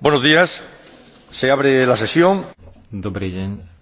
Buenos días. Se abre la sesión. Dobrý deň.